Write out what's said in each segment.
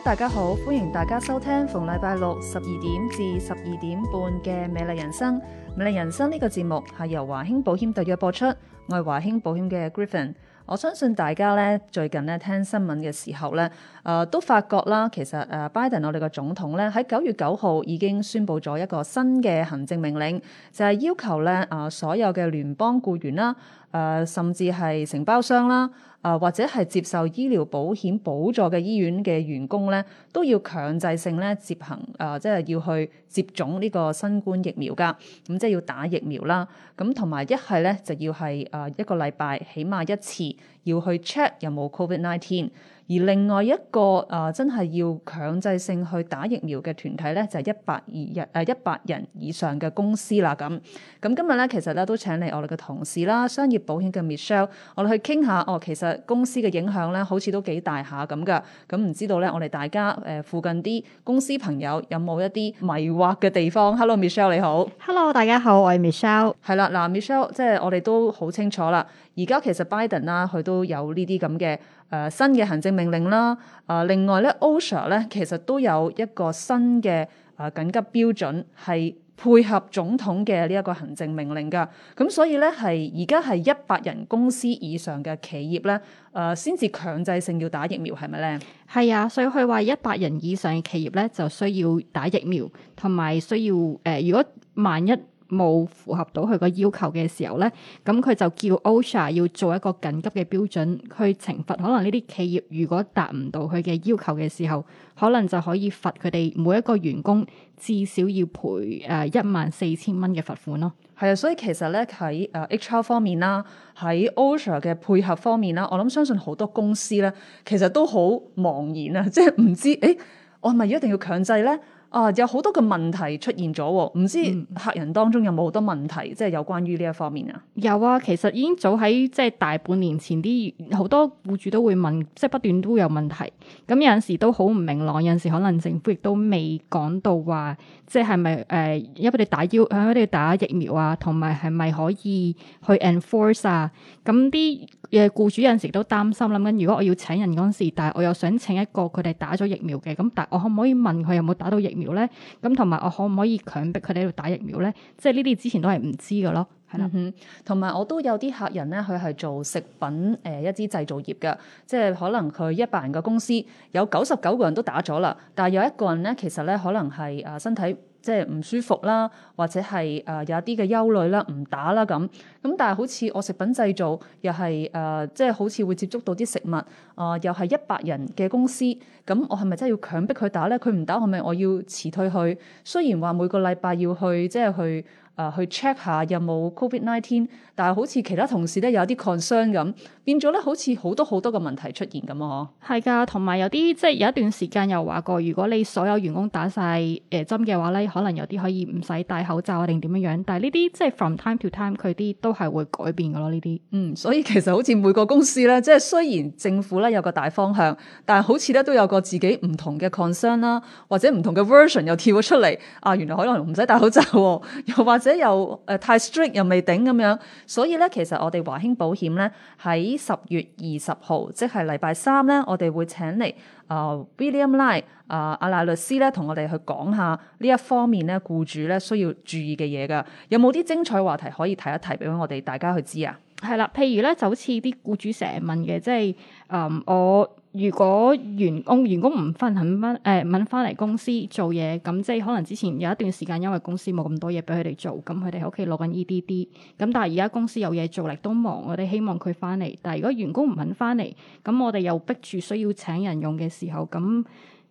Hello, 大家好，歡迎大家收聽逢禮拜六十二點至十二點半嘅美麗人生。美麗人生呢個節目係由華興保險特約播出，我係華興保險嘅 Griffin。我相信大家咧最近咧聽新聞嘅時候咧，誒、呃、都發覺啦，其實誒拜登我哋嘅總統咧喺九月九號已經宣布咗一個新嘅行政命令，就係要求咧啊所有嘅聯邦雇員啦。誒、呃，甚至係承包商啦，誒、呃、或者係接受醫療保險補助嘅醫院嘅員工咧，都要強制性咧接行，誒、呃、即係要去接種呢個新冠疫苗㗎，咁、嗯、即係要打疫苗啦，咁同埋一係咧就要係誒、呃、一個禮拜起碼一次。要去 check 有冇 Covid Nineteen，而另外一個啊、呃，真係要強制性去打疫苗嘅團體咧，就係、是、一百二人誒、呃、一百人以上嘅公司啦。咁咁今日咧，其實咧都請嚟我哋嘅同事啦，商業保險嘅 Michelle，我哋去傾下哦。其實公司嘅影響咧，好似都幾大下咁噶。咁唔知道咧，我哋大家誒、呃、附近啲公司朋友有冇一啲迷惑嘅地方？Hello Michelle 你好。Hello 大家好，我係 Michelle。係啦，嗱 Michelle，即係我哋都好清楚啦。而家其實 Biden 啦，佢都有呢啲咁嘅誒新嘅行政命令啦。啊、呃，另外咧，OSHA 咧其實都有一個新嘅誒、呃、緊急標準，係配合總統嘅呢一個行政命令㗎。咁所以咧，係而家係一百人公司以上嘅企業咧，誒先至強制性要打疫苗係咪咧？係啊，所以佢話一百人以上嘅企業咧就需要打疫苗，同埋需要誒、呃，如果萬一，冇符合到佢個要求嘅時候呢，咁佢就叫 OSHA 要做一個緊急嘅標準去懲罰。可能呢啲企業如果達唔到佢嘅要求嘅時候，可能就可以罰佢哋每一個員工至少要賠誒一萬四千蚊嘅罰款咯。係啊，所以其實呢，喺誒 HR 方面啦，喺 OSHA 嘅配合方面啦，我諗相信好多公司呢，其實都好茫然啊，即係唔知誒，我係咪一定要強制呢？啊！有好多個問題出現咗，唔知客人當中有冇好多問題，嗯、即係有關於呢一方面啊？有啊，其實已經早喺即係大半年前啲好多雇主都會問，即係不斷都有問題。咁有陣時都好唔明朗，有陣時可能政府亦都未講到話，即係係咪誒，因為你哋打 U，我哋打疫苗啊，同埋係咪可以去 enforce 啊？咁啲。誒僱主有陣時都擔心，諗緊如果我要請人嗰陣時，但係我又想請一個佢哋打咗疫苗嘅，咁但係我可唔可以問佢有冇打到疫苗咧？咁同埋我可唔可以強迫佢哋喺度打疫苗咧？即係呢啲之前都係唔知㗎咯，係啦。同埋、嗯、我都有啲客人咧，佢係做食品誒、呃、一啲製造業嘅，即係可能佢一百人嘅公司有九十九個人都打咗啦，但係有一個人咧，其實咧可能係誒身體。即係唔舒服啦，或者係誒、呃、有一啲嘅憂慮啦，唔打啦咁。咁但係好似我食品製造又係誒、呃，即係好似會接觸到啲食物，啊、呃、又係一百人嘅公司，咁我係咪真係要強迫佢打呢？佢唔打係咪我要辭退佢？雖然話每個禮拜要去即係去。誒去 check 下有冇 Covid nineteen，但係好似其他同事咧，有啲 concern 咁，變咗咧，好似好多好多個問題出現咁係噶，同埋有啲即係有一段時間又話過，如果你所有員工打晒誒針嘅話咧，可能有啲可以唔使戴口罩啊，定點樣樣，但係呢啲即係 from time to time 佢啲都係會改變㗎咯，呢啲嗯，所以其實好似每個公司咧，即係雖然政府咧有個大方向，但係好似咧都有個自己唔同嘅 concern 啦，或者唔同嘅 version 又跳咗出嚟啊，原來可能唔使戴口罩，又或者～又、呃、太 strict 又未頂咁樣，所以咧其實我哋華興保險咧喺十月二十號，即係禮拜三咧，我哋會請嚟。啊 William Lai 啊阿賴律師咧，同我哋去講下呢一方面咧，僱主咧需要注意嘅嘢噶，有冇啲精彩話題可以提一提俾我哋大家去知啊？係啦，譬如咧就好似啲僱主成日問嘅，即係誒我如果員工員工唔返肯翻誒肯翻嚟公司做嘢，咁即係可能之前有一段時間因為公司冇咁多嘢俾佢哋做，咁佢哋喺屋企攞緊 E D D，咁但係而家公司有嘢做，力都忙，我哋希望佢翻嚟。但係如果員工唔肯翻嚟，咁我哋又逼住需要請人用嘅。時候咁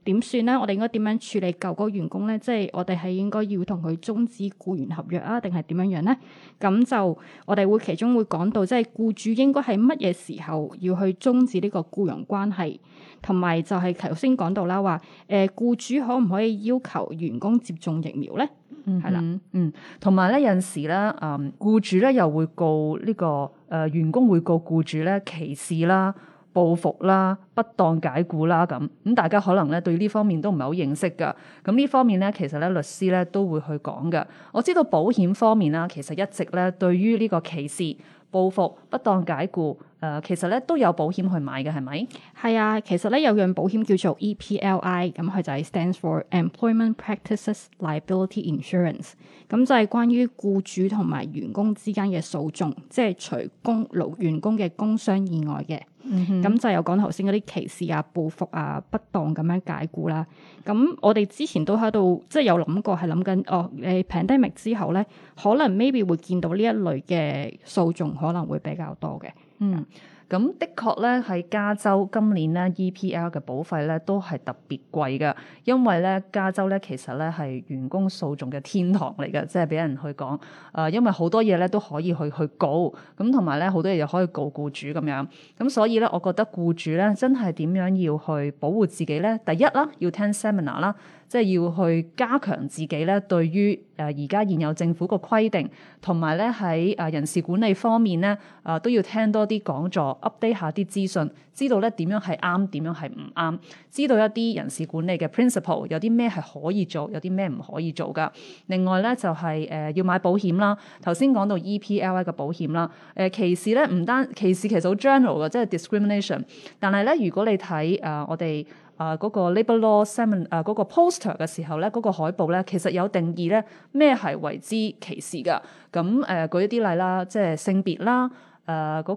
點算呢？我哋應該點樣處理舊嗰個員工呢？即係我哋係應該要同佢終止僱員合約啊？定係點樣樣呢？咁就我哋會其中會講到，即係僱主應該喺乜嘢時候要去終止呢個僱傭關係，同埋就係頭先講到啦，話誒僱主可唔可以要求員工接種疫苗咧？係啦，嗯，同埋呢，有陣時啦，啊僱主呢又會告呢個誒員工會告僱主呢歧視啦。報復啦、不當解僱啦咁，咁大家可能咧對呢方面都唔係好認識㗎。咁呢方面咧，其實咧律師咧都會去講㗎。我知道保險方面啦，其實一直咧對於呢個歧視、報復、不當解雇，誒、呃、其實咧都有保險去買嘅，係咪？係啊，其實咧有樣保險叫做 EPLI，咁佢就係 stands for Employment Practices Liability Insurance，咁就係關於僱主同埋員工之間嘅訴訟，即係除工勞員工嘅工傷意外嘅，咁、嗯、哼就有講頭先嗰啲歧視啊、報復啊、不當咁樣解雇啦。咁我哋之前都喺度，即係有諗過係諗緊，哦誒，pandemic、呃、之後咧，可能 maybe 會見到呢一類嘅訴訟。可能會比較多嘅，嗯，咁的確咧喺加州今年咧 EPL 嘅保費咧都係特別貴嘅，因為咧加州咧其實咧係員工訴訟嘅天堂嚟嘅，即係俾人去講，誒、呃，因為好多嘢咧都可以去去告，咁同埋咧好多嘢又可以告僱主咁樣，咁、嗯、所以咧我覺得僱主咧真係點樣要去保護自己咧，第一啦，要聽 Seminar 啦。即係要去加強自己咧，對於誒而家現有政府個規定，同埋咧喺誒人事管理方面咧，啊、呃、都要聽多啲講座，update 下啲資訊，知道咧點樣係啱，點樣係唔啱，知道一啲人事管理嘅 principle，有啲咩係可以做，有啲咩唔可以做㗎。另外咧就係、是、誒、呃、要買保險啦，頭先講到 EPLI 嘅保險啦。誒、呃、歧視咧唔單歧視，其實好 general 嘅，即係 discrimination。但係咧如果你睇誒、呃、我哋。啊，嗰個 labor law seminar 啊，嗰個 poster 嘅時候咧，嗰個海報咧，其實有定義咧咩係為之歧視嘅。咁誒、uh, 舉一啲例啦，即、就、係、是、性別啦，誒、uh, 嗰、那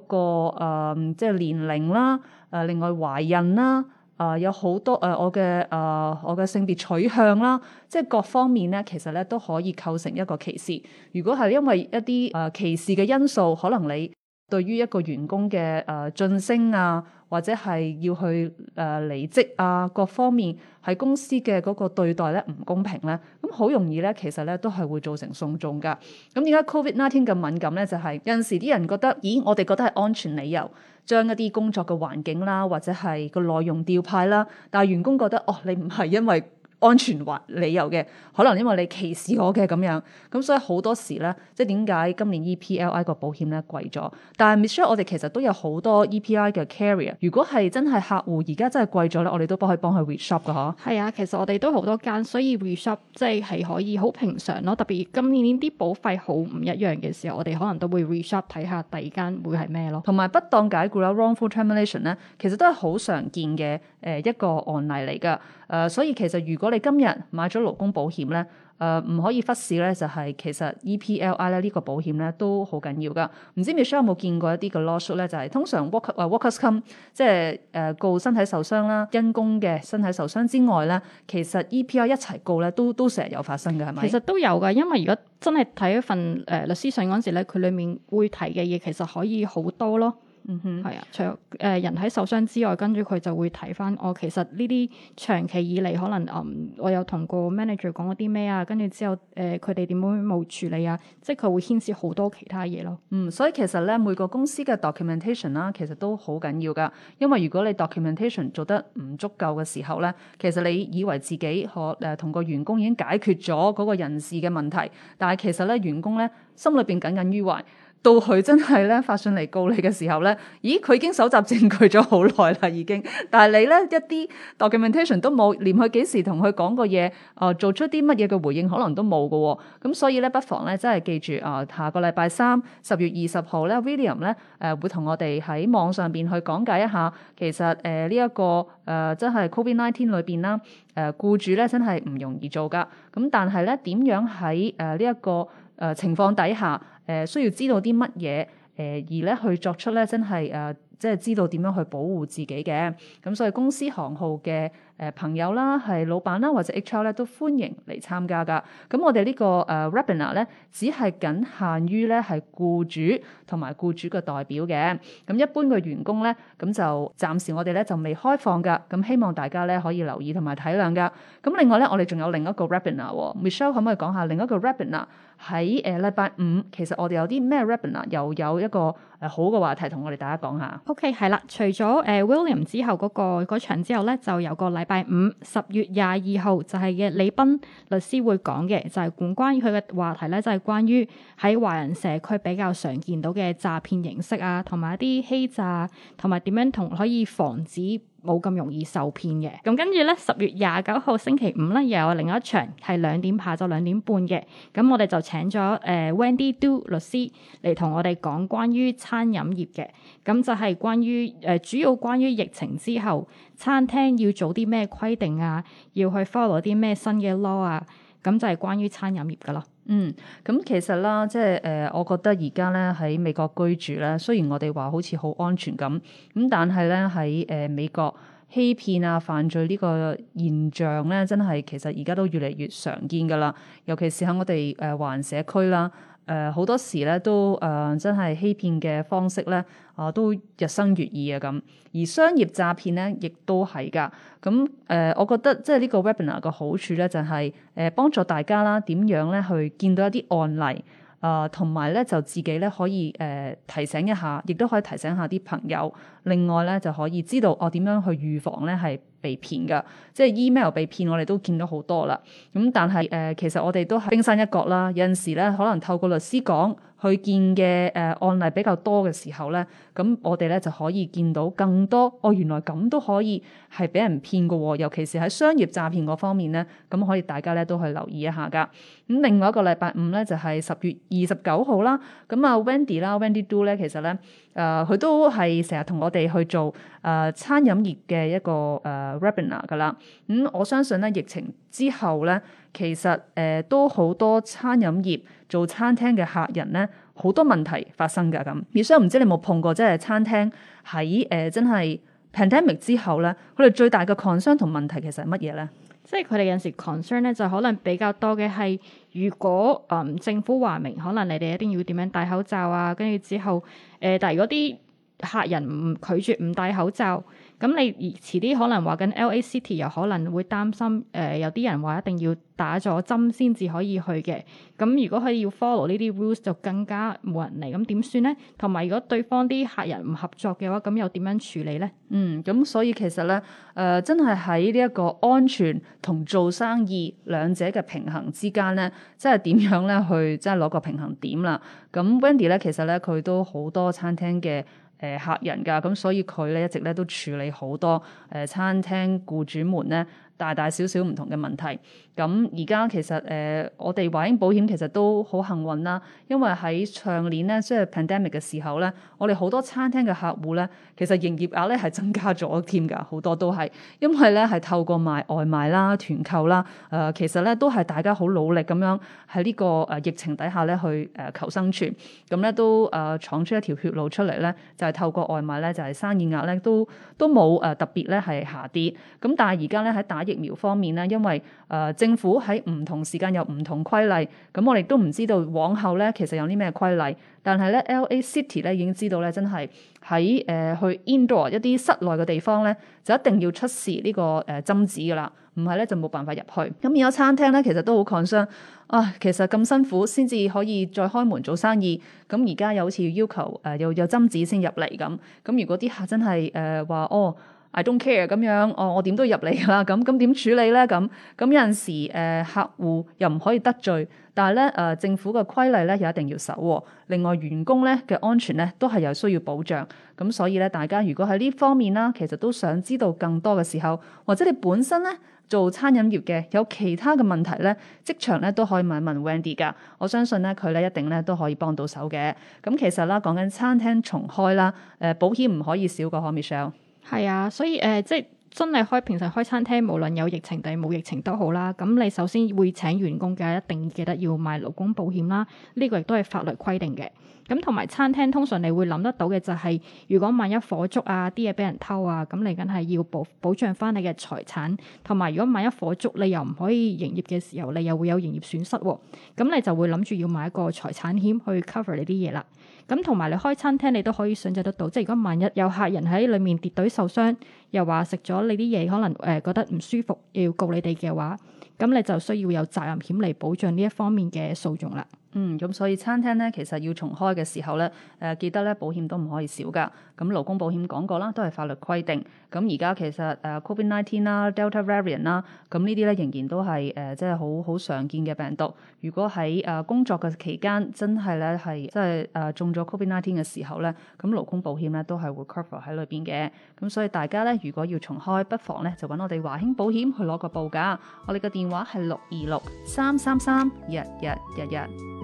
個即係、uh, 年齡啦，誒、uh, 另外懷孕啦，啊、uh, 有好多誒、uh, 我嘅誒、uh, 我嘅性別取向啦，即、就、係、是、各方面咧，其實咧都可以構成一個歧視。如果係因為一啲誒、uh, 歧視嘅因素，可能你。對於一個員工嘅誒晉升啊，或者係要去誒、呃、離職啊，各方面喺公司嘅嗰個對待咧唔公平咧，咁好容易咧，其實咧都係會造成訴訟噶。咁而家 COVID nineteen 咁敏感咧，就係、是、有陣時啲人覺得，咦，我哋覺得係安全理由，將一啲工作嘅環境啦，或者係個內容調派啦，但係員工覺得，哦，你唔係因為。安全或理由嘅，可能因為你歧視我嘅咁樣，咁所以好多時呢，即係點解今年 EPLI 個保險呢貴咗？但係，Michelle，我哋其實都有好多 EPI 嘅 carrier，如果係真係客戶而家真係貴咗呢，我哋都幫佢幫佢 re-shop 噶嗬，係啊，其實我哋都好多間，所以 re-shop 即係係可以好平常咯。特別今年啲保費好唔一樣嘅時候，我哋可能都會 re-shop 睇下第二間會係咩咯。同埋，不當解雇啦，wrongful termination 呢，其實都係好常見嘅誒、呃、一個案例嚟㗎。誒、呃，所以其實如果你今日買咗勞工保險咧，誒、呃、唔可以忽視咧，就係、是、其實 EPLI 咧呢、這個保險咧都好緊要㗎。唔知 Michelle 有冇見過一啲嘅 law suit 咧？就係、是、通常 worker workers、呃、come 即係誒、呃、告身體受傷啦，因公嘅身體受傷之外咧，其實 EPLI 一齊告咧都都成日有發生嘅，係咪？其實都有㗎，因為如果真係睇一份誒、呃、律師信嗰陣時咧，佢裡面會提嘅嘢其實可以好多咯。 嗯哼，係啊，除誒人喺受傷之外，跟住佢就會睇返我其實呢啲長期以嚟可能嗯，我有同個 manager 講過啲咩啊，跟住之後誒佢哋點樣冇處理啊，即係佢會牽涉好多其他嘢咯。嗯，所以其實咧每個公司嘅 documentation 啦，其實都好緊要㗎，因為如果你 documentation 做得唔足夠嘅時候咧，其實你以為自己可誒同個員工已經解決咗嗰個人事嘅問題，但係其實咧員工咧心裏邊耿耿於懷。到佢真係咧發信嚟告你嘅時候咧，咦佢已經搜集證據咗好耐啦已經，但係你咧一啲 documentation 都冇，連佢幾時同佢講過嘢，啊、呃、做出啲乜嘢嘅回應可能都冇噶、哦，咁所以咧不妨咧真係記住啊、呃，下個禮拜三十月二十號咧 William 咧誒、呃、會同我哋喺網上邊去講解一下，其實誒呢一個誒、呃、真係 COVID-19 裏邊啦，誒、呃、僱主咧真係唔容易做噶，咁、呃、但係咧點樣喺誒呢一個，誒、呃、情況底下，誒、呃、需要知道啲乜嘢，誒、呃、而咧去作出咧真係誒，即、呃、係知道點樣去保護自己嘅。咁、呃、所以公司行號嘅。誒朋友啦，係老闆啦，或者 HR 咧都歡迎嚟參加㗎。咁、嗯、我哋、這個 uh, 呢個誒 webinar 咧，只係僅限於咧係僱主同埋僱主嘅代表嘅。咁、嗯、一般嘅員工咧，咁、嗯、就暫時我哋咧就未開放㗎。咁、嗯、希望大家咧可以留意同埋體諒嘅。咁、嗯、另外咧，我哋仲有另一個 webinar、哦。Michelle 可唔可以講下另一個 webinar 喺誒禮、uh, 拜五？其實我哋有啲咩 webinar，又有一個誒、uh, 好嘅話題同我哋大家講下。OK，係啦，除咗誒、uh, William 之後嗰、那個場之後咧，就有個禮。第五十月廿二號就係、是、嘅李斌律師會講嘅，就係、是、講關於佢嘅話題呢就係、是、關於喺華人社區比較常見到嘅詐騙形式啊，同埋一啲欺詐，同埋點樣同可以防止。冇咁容易受騙嘅，咁跟住咧，十月廿九號星期五咧，又有另一場係兩點下晝兩點半嘅，咁我哋就請咗誒、呃、Wendy Do 律師嚟同我哋講關於餐飲業嘅，咁就係關於誒、呃、主要關於疫情之後餐廳要做啲咩規定啊，要去 follow 啲咩新嘅 law 啊。咁就係關於餐飲業噶咯，嗯，咁其實啦，即係誒、呃，我覺得而家咧喺美國居住咧，雖然我哋話好似好安全咁，咁但係咧喺誒美國欺騙啊、犯罪呢個現象咧，真係其實而家都越嚟越常見噶啦，尤其是喺我哋誒、呃、華人社區啦。誒好、呃、多時咧都誒、呃、真係欺騙嘅方式咧啊、呃、都日新月異啊咁，而商業詐騙咧亦都係噶。咁、呃、誒，我覺得即係呢個 webinar 嘅好處咧就係、係、誒、呃、幫助大家啦，點樣咧去見到一啲案例。啊，同埋咧就自己咧可以誒、呃、提醒一下，亦都可以提醒下啲朋友。另外咧就可以知道我點、哦、樣去預防咧係被騙嘅，即係 email 被騙我哋都見到好多啦。咁、嗯、但係誒、呃、其實我哋都係冰山一角啦。有陣時咧可能透過律師講去見嘅誒、呃、案例比較多嘅時候咧。咁我哋咧就可以見到更多哦，原來咁都可以係俾人騙嘅喎，尤其是喺商業詐騙嗰方面咧，咁可以大家咧都去留意一下噶。咁、嗯、另外一個禮拜五咧就係、是、十月二十九號啦，咁、嗯、啊 Wendy 啦、啊、Wendy Do 咧其實咧，誒、呃、佢都係成日同我哋去做誒、呃、餐飲業嘅一個誒、呃、webinar 噶啦。咁、嗯、我相信咧疫情之後咧，其實誒都好多餐飲業做餐廳嘅客人咧。好多問題發生㗎。咁，而且唔知你有冇碰過，即係餐廳喺誒、呃、真係 pandemic 之後咧，佢哋最大嘅 concern 同問題其實係乜嘢咧？即係佢哋有時 concern 咧，就可能比較多嘅係，如果嗯、呃、政府話明，可能你哋一定要點樣戴口罩啊，跟住之後誒、呃，但係嗰啲客人唔拒絕唔戴口罩。咁你遲啲可能話緊 LA City 又可能會擔心，誒有啲人話一定要打咗針先至可以去嘅。咁如果佢要 follow 呢啲 rules 就更加冇人嚟，咁點算呢？同埋如果對方啲客人唔合作嘅話，咁又點樣處理呢？嗯，咁所以其實呢，誒、呃、真係喺呢一個安全同做生意兩者嘅平衡之間呢，即係點樣呢？去即係攞個平衡點啦。咁 Wendy 咧其實呢，佢、呃、都好多餐廳嘅。誒、呃，客人噶咁、嗯、所以佢咧一直咧都處理好多誒、呃、餐廳雇主們咧。大大小小唔同嘅問題，咁而家其實誒、呃、我哋華興保險其實都好幸運啦，因為喺上年咧，即係 pandemic 嘅時候咧，我哋好多餐廳嘅客戶咧，其實營業額咧係增加咗添㗎，好多都係因為咧係透過賣外賣啦、團購啦，誒、呃、其實咧都係大家好努力咁樣喺呢、這個誒、呃、疫情底下咧去誒、呃、求生存，咁咧都誒、呃、闖出一條血路出嚟咧，就係、是、透過外賣咧，就係、是、生意額咧都都冇誒、呃、特別咧係下跌，咁但係而家咧喺打。疫苗方面啦，因為誒、呃、政府喺唔同時間有唔同規例，咁我哋都唔知道往後咧其實有啲咩規例，但係咧 LA City 咧已經知道咧，真係喺誒去 indoor 一啲室內嘅地方咧就一定要出示、這個呃、針呢個誒針紙噶啦，唔係咧就冇辦法入去。咁、嗯、而家餐廳咧，其實都好 concern 啊，其實咁辛苦先至可以再開門做生意，咁而家又好似要求誒又有針紙先入嚟咁，咁、呃嗯嗯、如果啲客真係誒話哦。I don't care 咁樣，哦、我我點都入嚟㗎啦。咁咁點處理呢？咁咁有陣時，誒、呃、客戶又唔可以得罪，但係咧誒政府嘅規例咧又一定要守。另外員工咧嘅安全咧都係有需要保障。咁所以咧，大家如果喺呢方面啦，其實都想知道更多嘅時候，或者你本身咧做餐飲業嘅，有其他嘅問題咧，職場咧都可以問一問 Wendy 噶。我相信咧佢咧一定咧都可以幫到手嘅。咁、嗯、其實啦，講緊餐廳重開啦，誒、呃、保險唔可以少過 commission。係啊，所以誒、呃，即係真係開平時開餐廳，無論有疫情定係冇疫情都好啦。咁你首先會請員工嘅，一定記得要買勞工保險啦。呢、這個亦都係法律規定嘅。咁同埋餐廳通常你會諗得到嘅就係，如果萬一火燭啊啲嘢俾人偷啊，咁你梗係要保保障翻你嘅財產，同埋如果萬一火燭你又唔可以營業嘅時候，你又會有營業損失喎、啊，咁你就會諗住要買一個財產險去 cover 你啲嘢啦。咁同埋你開餐廳你都可以享受得到，即係如果萬一有客人喺裡面跌隊受傷，又話食咗你啲嘢可能誒覺得唔舒服要告你哋嘅話，咁你就需要有責任險嚟保障呢一方面嘅訴訟啦。嗯，咁所以餐廳咧，其實要重開嘅時候咧，誒記得咧保險都唔可以少㗎。咁勞工保險講過啦，都係法律規定。咁而家其實誒 Covid Nineteen 啦、Delta Variant 啦，咁呢啲咧仍然都係誒即係好好常見嘅病毒。如果喺誒工作嘅期間真係咧係即係誒中咗 Covid Nineteen 嘅時候咧，咁勞工保險咧都係會 cover 喺裏邊嘅。咁所以大家咧，如果要重開，不妨咧就揾我哋華興保險去攞個報價。我哋嘅電話係六二六三三三，日日日日。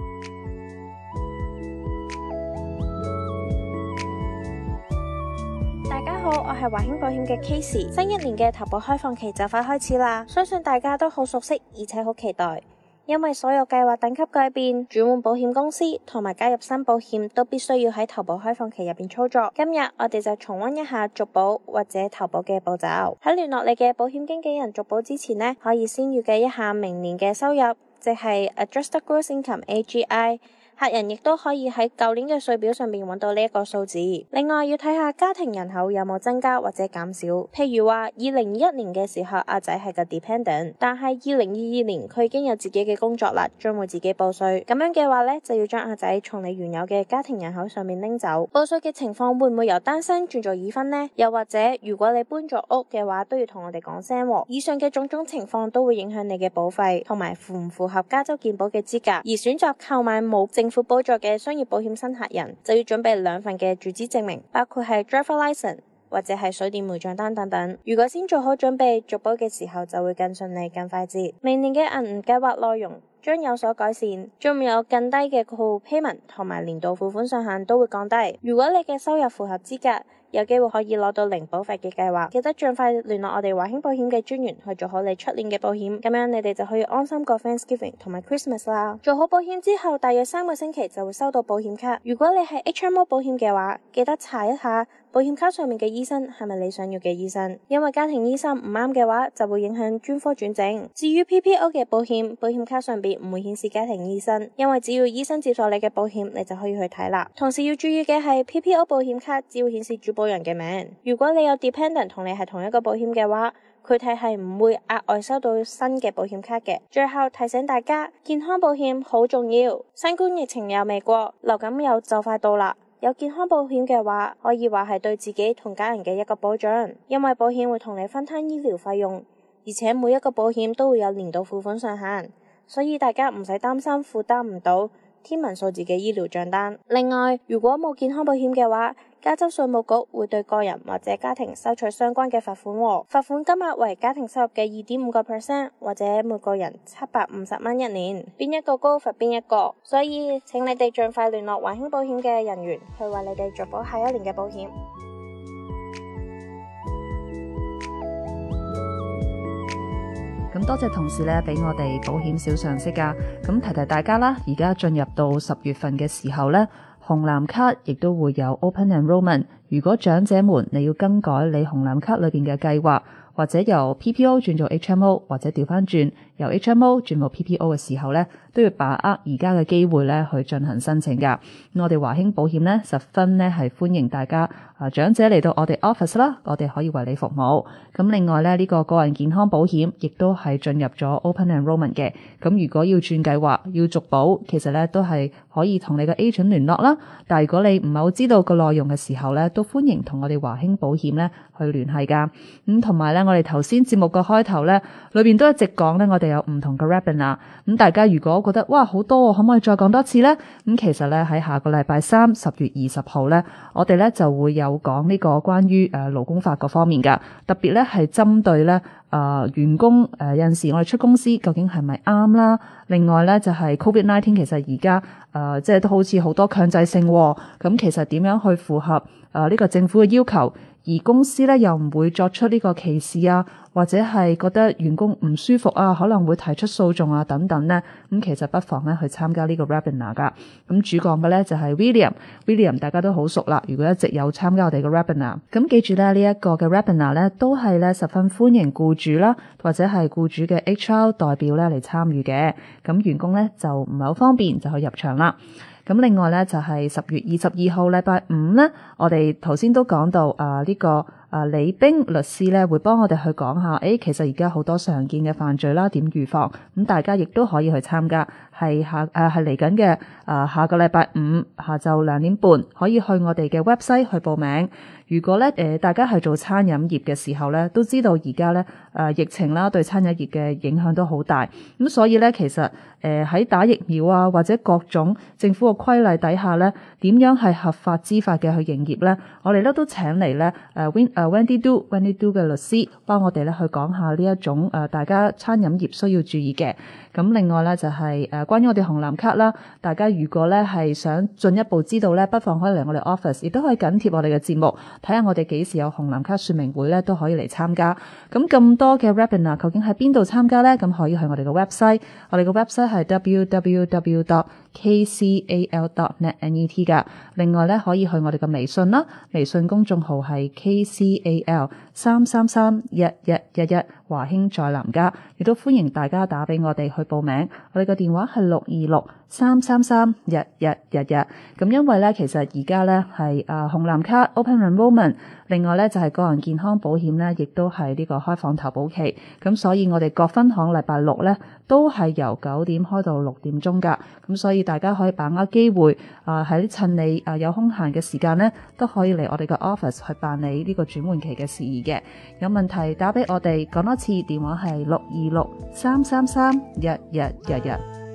好，我係華興保險嘅 Casey。新一年嘅投保開放期就快開始啦，相信大家都好熟悉，而且好期待。因為所有計劃等級改變、轉換保險公司同埋加入新保險，都必須要喺投保開放期入邊操作。今日我哋就重溫一下續保或者投保嘅步驟。喺聯絡你嘅保險經紀人續保之前呢，可以先預計一下明年嘅收入，即係 Adjusted Gross Income (AGI)。客人亦都可以喺舊年嘅稅表上面揾到呢一個數字。另外要睇下家庭人口有冇增加或者減少。譬如話，二零二一年嘅時候，阿仔係個 dependent，但係二零二二年佢已經有自己嘅工作啦，將會自己報稅。咁樣嘅話呢，就要將阿仔從你原有嘅家庭人口上面拎走。報稅嘅情況會唔會由單身轉做已婚呢？又或者如果你搬咗屋嘅話，都要同我哋講聲。以上嘅種種情況都會影響你嘅保費同埋符唔符合加州健保嘅資格。而選擇購買冇證。政府補助嘅商業保險新客人就要準備兩份嘅住址證明，包括係 driver license 或者係水電煤賬單等等。如果先做好準備，續保嘅時候就會更順利、更快捷。明年嘅銀計劃內容，將有所改善，仲有更低嘅 co-payment 同埋年度付款上限都會降低。如果你嘅收入符合資格，有機會可以攞到零保費嘅計劃。記得盡快聯絡我哋華興保險嘅專員去做好你出年嘅保險，咁樣你哋就可以安心過 Thanksgiving 同埋 Christmas 啦。做好保險之後，大約三個星期就會收到保險卡。如果你係 HMO 保險嘅話，記得查一下。保險卡上面嘅醫生係咪你想要嘅醫生？因為家庭醫生唔啱嘅話，就會影響專科轉診。至於 PPO 嘅保險，保險卡上邊唔會顯示家庭醫生，因為只要醫生接受你嘅保險，你就可以去睇啦。同時要注意嘅係 PPO 保險卡只會顯示主保人嘅名。如果你有 dependent 同你係同一個保險嘅話，佢哋係唔會額外收到新嘅保險卡嘅。最後提醒大家，健康保險好重要，新冠疫情又未過，流感又就快到啦。有健康保險嘅話，可以話係對自己同家人嘅一個保障，因為保險會同你分攤醫療費用，而且每一個保險都會有年度付款上限，所以大家唔使擔心負擔唔到天文數字嘅醫療賬單。另外，如果冇健康保險嘅話，加州稅務局會對個人或者家庭收取相關嘅罰款喎，罰款金額為家庭收入嘅二點五個 percent，或者每個人七百五十蚊一年，邊一個高罰邊一個，所以請你哋盡快聯絡華興保險嘅人員去為你哋續保下一年嘅保險。咁多謝同事咧，俾我哋保險小常識噶，咁提提大家啦。而家進入到十月份嘅時候咧。紅藍卡亦都會有 open enrollment。如果長者們你要更改你紅藍卡裏邊嘅計劃，或者由 PPO 轉做 HMO，或者調翻轉。由 HMO 轉到 PPO 嘅時候咧，都要把握而家嘅機會咧去進行申請噶，我哋華興保險咧十分咧係歡迎大家啊長者嚟到我哋 office 啦，我哋可以為你服務。咁另外咧呢個個人健康保險亦都係進入咗 open enrollment 嘅。咁如果要轉計劃，要續保，其實咧都係可以同你嘅 agent 聯絡啦。但係如果你唔係好知道個內容嘅時候咧，都歡迎同我哋華興保險咧去聯繫噶。咁同埋咧，我哋頭先節目個開頭咧裏邊都一直講咧，我哋。有唔同嘅 rabbin 啊，咁大家如果覺得哇好多，可唔可以再講多次呢？咁其實咧喺下個禮拜三十月二十號呢，我哋呢就會有講呢個關於誒勞工法嗰方面嘅，特別呢係針對呢誒、呃、員工誒、呃，有陣時我哋出公司究竟係咪啱啦？另外呢，就係、是、COVID-19，其實而家誒即係都好似好多強制性，咁、哦嗯、其實點樣去符合誒呢、呃這個政府嘅要求，而公司呢又唔會作出呢個歧視啊？或者係覺得員工唔舒服啊，可能會提出訴訟啊等等呢。咁、嗯、其實不妨咧去參加呢個 webinar、er、噶。咁、嗯、主講嘅呢就係、是、Will William，William 大家都好熟啦。如果一直有參加我哋嘅 webinar、er、咁、嗯、記住咧呢一、這個嘅 webinar、er、呢都係咧十分歡迎僱主啦，或者係僱主嘅 HR 代表呢嚟參與嘅。咁、嗯、員工呢就唔係好方便就去入場啦。咁、嗯、另外呢就係、是、十月二十二號禮拜五呢，我哋頭先都講到啊呢、這個。啊李冰律師咧會幫我哋去講下，誒、欸、其實而家好多常見嘅犯罪啦，點預防？咁、嗯、大家亦都可以去參加，係下誒係嚟緊嘅，啊，下，啊下個禮拜五下晝兩點半可以去我哋嘅 website 去報名。如果咧誒、呃、大家係做餐飲業嘅時候咧，都知道而家咧誒疫情啦對餐飲業嘅影響都好大，咁、嗯、所以咧其實誒喺、呃、打疫苗啊或者各種政府嘅規例底下咧，點樣係合法知法嘅去營業咧？我哋咧都請嚟咧誒誒、uh, Wendy Du Wendy Du 嘅律師幫我哋咧去講下呢一種誒、呃，大家餐飲業需要注意嘅。咁另外咧就係誒關於我哋紅藍卡啦，大家如果咧係想進一步知道咧，不妨可以嚟我哋 office，亦都可以緊貼我哋嘅節目，睇下我哋幾時有紅藍卡説明會咧，都可以嚟參加。咁咁多嘅 webinar 究竟喺邊度參加咧？咁可以去我哋嘅 website，我哋嘅 website 係 w w w dot k c a l dot net n e t 噶。另外咧可以去我哋嘅微信啦，微信公眾號係 k c a l 三三三一一一一。華興在南家，亦都歡迎大家打畀我哋去報名。我哋嘅電話係六二六。三三三日日日日咁、嗯，因為咧，其實而家咧係啊紅藍卡 open enrollment 另外咧就係、是、個人健康保險咧，亦都係呢個開放投保期咁、嗯，所以我哋各分行禮拜六咧都係由九點開到六點鐘㗎，咁、嗯、所以大家可以把握機會啊喺、呃、趁你啊、呃、有空閒嘅時間咧，都可以嚟我哋嘅 office 去辦理呢個轉換期嘅事宜嘅。有問題打俾我哋，講多次電話係六二六三三三日日日日。日日日